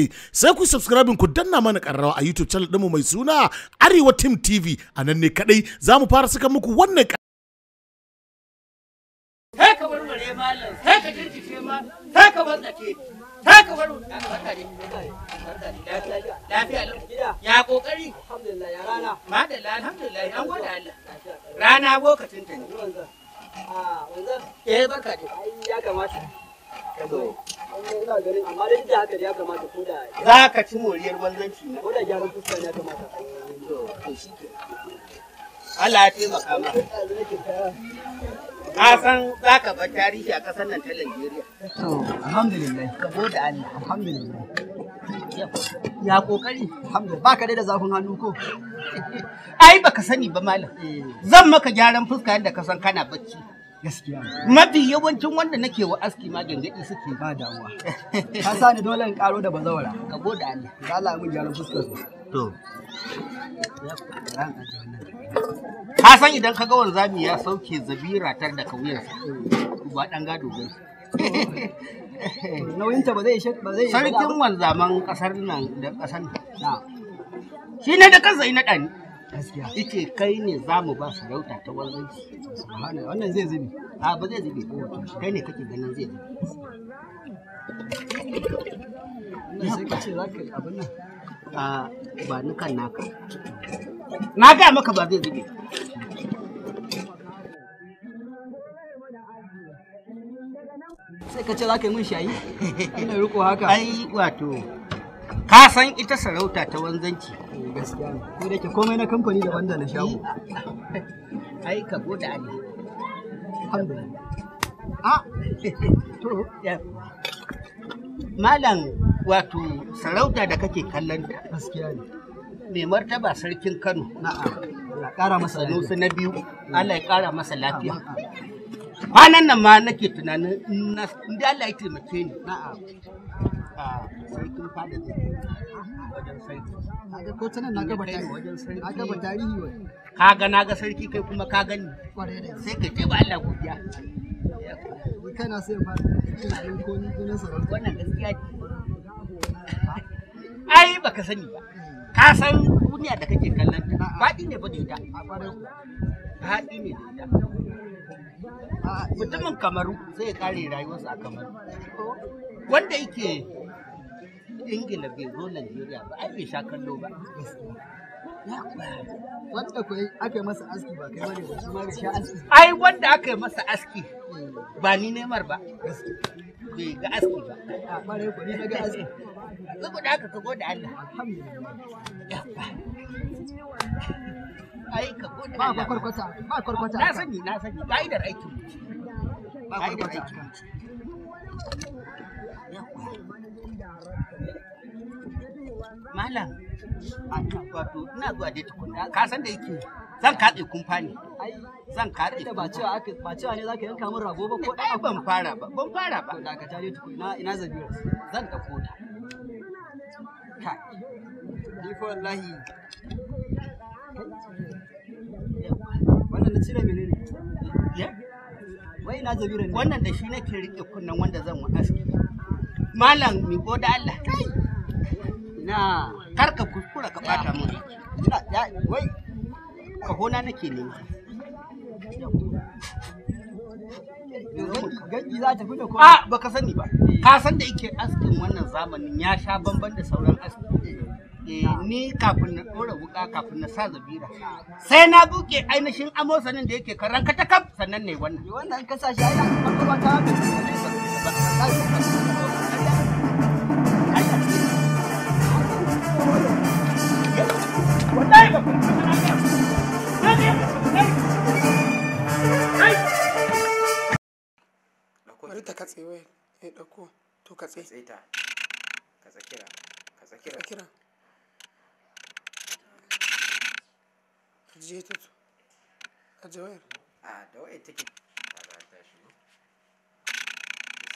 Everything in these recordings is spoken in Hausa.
Eh, sai ku subscribe ku danna mana karrawa a YouTube channel ɗinmu mai suna Arewa Team TV a nan ne kadai za mu fara saka muku wannan ka ka mare malam sai ka ma sai ka bantsake sai ka warware lafiya lafiya ya kokari alhamdulillah ya rana madalla alhamdulillah an gode Allah rana lokacin ta ne eh barka dai ya kamata ka zo za ka ci moriyar wanzanci ne ko da gyaran fuska ya kamata Allah ya taimaka ma ka san za ka bar tarihi a ƙasar nan ta Najeriya to alhamdulillah saboda Allah alhamdulillah ya kokari ba ka dai da zafin hannu ko ai baka sani ba malam eh. zan maka gyaran fuska yadda ka san kana bacci mafi yawancin wanda nake wa aski ma gangaɗi suke ba damuwa ka sa ni dole in karo da bazawara ka goda ni ka Allah mun jaran fuskar su to ka san idan ka ga wanzami ya sauke zabira tar da kawuyarsa ba dan gado ba nauyinta ba zai ba zai sarkin wanzaman kasar nan da kasar shi ne da kansa ina dani Ike kai ne za mu ba sarauta ta wanzan Wannan zai zubi. A ba zai zubi ko kai ne kake ganin zai zubi. A ba naka. Na maka ba zai zubi. Sai ka ce za ka yi shayi? Ina riko haka. Ai wato ka san ita sarauta ta wanzanci eh, gaskiya ne ko da ke komai na kamfani da da na shago ai ka goda ali alhamdulillah a ah, to malam wato sarauta da kake kallon ta gaskiya ne mai martaba sarkin Kano na'am Allah kara masa lafiya na biyu mm. Allah ya kara masa lafiya kwanan nan ma nake tunanin in Allah ya taimake ni na'am sarkin fada da wajen sarki kaga na ga sarki kai kuma ka gani sai ka ce ba Allah godiya kana sai baka sani ka san duniya da kake kallon ta faɗi ne ba da faɗi ne mutumin kamaru zai kare rayuwarsa a wanda yake ingila bai zo najeriya ba ai bai sha kallo ba wanda ku aka yi masa aski ba kai bane ba shi ma sha aski ai wanda aka yi masa aski hmm. ba ni nemar ba bai ga aski ba a bare ku ni ga aski saboda haka ka gode Allah Alhamdulillah. ai ka gode Allah ba kwarkwata ba kwarkwata na sani na sani ba idar aiki. ba kwarkwata Malam, wato ina zuwa dai tukunna, ka san da yake zan katse kumfa ne. Zan katse kumfa. Ba cewa aka ba cewa ne zaka yanka min rago ba ko ɗaya ban fara ba, ban fara ba. Da ka tare tukunna ina zabira. Zan ɗauko ta. Kai. Ni fa wallahi. Wannan na cire menene? Ya? Wai ina zabira ne. Wannan da shi nake rike kunnen wanda zan wa aski. Malam mi goda Allah. Kai. na kar ka kuskura ka bata mun ina ya wai kahona nake nema sani ba ka san da yake askin wannan zamanin ya sha bamban da sauran aski ni kafin na ɗora wuƙa kafin na sa zabira sai na buke ainihin amosanin da yake karan ka takab sannan ne wannan wannan shi ainihin ta bari ta katse wayar ya dauko to katse katse ta katse kira katse kira kira je ta to a je wayar a da wayar take ta da ta shi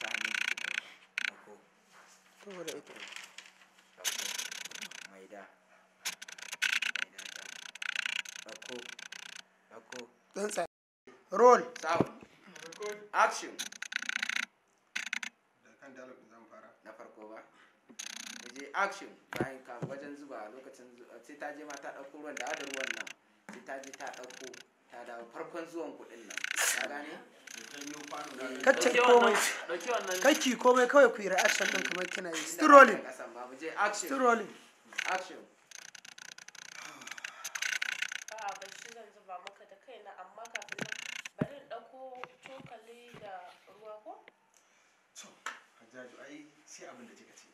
sani ɗauko to wala ita maida maida ta ɗauko ɗauko dan tsaya roll sound action je action bayan ka wajen zuba lokacin eh, sai ta je ma ta ɗauko ruwan da adar ruwan nan sai ta je ta ɗauko ta dawo farkon zuwan kuɗin nan ka gane kacce komai komai kawai ku yi reaction ɗin kamar kina yi strolling strolling action sai abin da ce.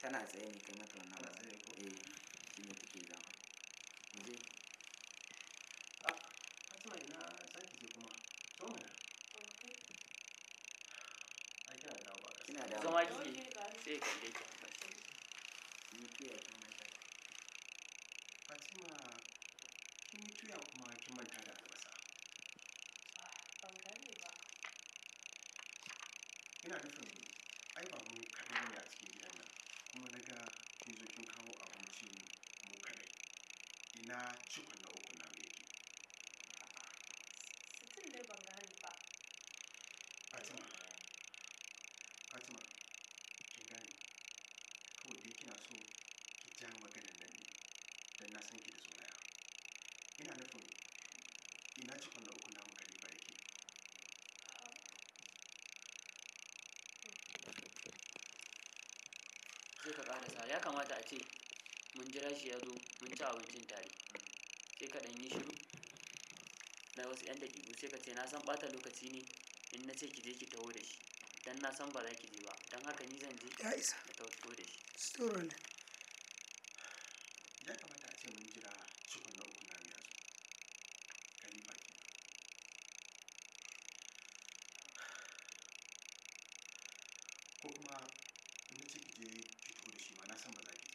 tana tsaye ne kai mata wannan ba tsaye ko eh shi ne take zama muje a fatima ina saki je kuma to mana a kina da ba kina da zama kike sai kalle ki ni tuya kin manta fatima kin yi tuya kuma kin manta da albasa ban gane ba ina nufin ai ba mu kaɗai ne a cikin gidan nan kuma na ga kin zo kin kawo abinci mu kaɗai ina cikon na uku na sai ka karasa ya kamata a ce mun jira shi ya zo mun ci abincin tare sai ka ɗan yi shiru na wasu ƴan daƙiƙu sai ka ce na san ɓata lokaci ne in na ce ki je ki taho da shi dan na san ba za ki je ba dan haka ni zan je ya isa ka taho da shi tsoro ne ya kamata a ce mun jira cikon na uku na ya zo kalifa ke ko kuma in na ce ki je ki しまいましたので